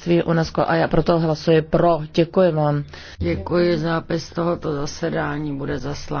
předsednictví UNESCO a já proto hlasuji pro. Děkuji vám. Děkuji, zápis tohoto zasedání bude zaslán.